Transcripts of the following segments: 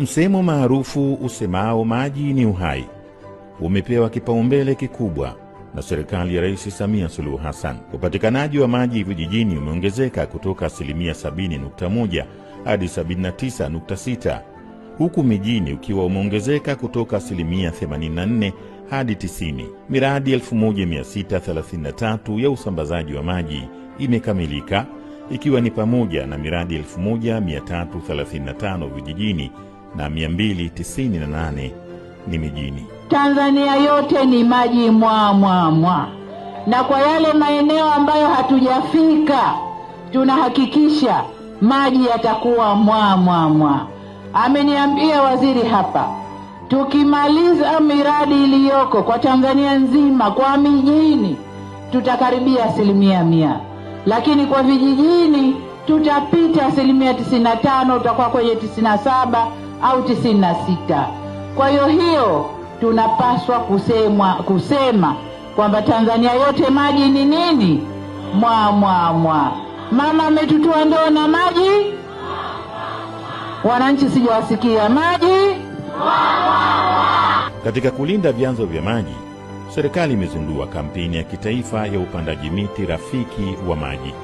Msemo maarufu usemao maji ni uhai umepewa kipaumbele kikubwa na serikali ya Rais Samia Suluhu Hassan. Upatikanaji wa maji vijijini umeongezeka kutoka asilimia 70.1 hadi 79.6 huku mijini ukiwa umeongezeka kutoka asilimia 84 hadi 90. Miradi 1633 ya usambazaji wa maji imekamilika ikiwa ni pamoja na miradi 1335 vijijini na 298 ni mijini. Tanzania yote ni maji mwamwamwa mwa. Na kwa yale maeneo ambayo hatujafika tunahakikisha maji yatakuwa mwa. Ameniambia waziri hapa, tukimaliza miradi iliyoko kwa Tanzania nzima kwa mijini tutakaribia asilimia mia, lakini kwa vijijini tutapita asilimia tisini na tano, tutakuwa kwenye tisini na saba au tisini na sita. Kwa hiyo hiyo tunapaswa kusema, kusema kwamba Tanzania yote maji ni nini? Mwamwamwa. Mama ametutoa ndoo na maji, wananchi sijawasikia maji. Katika kulinda vyanzo vya maji, serikali imezindua kampeni ya kitaifa ya upandaji miti rafiki wa maji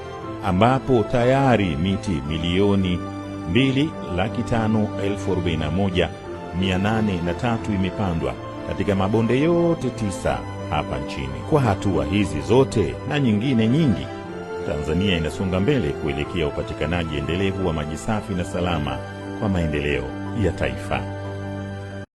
ambapo tayari miti milioni mbili laki tano elfu arobaini na moja mia nane na tatu imepandwa katika mabonde yote tisa hapa nchini. Kwa hatua hizi zote na nyingine nyingi, Tanzania inasonga mbele kuelekea upatikanaji endelevu wa maji safi na salama kwa maendeleo ya taifa.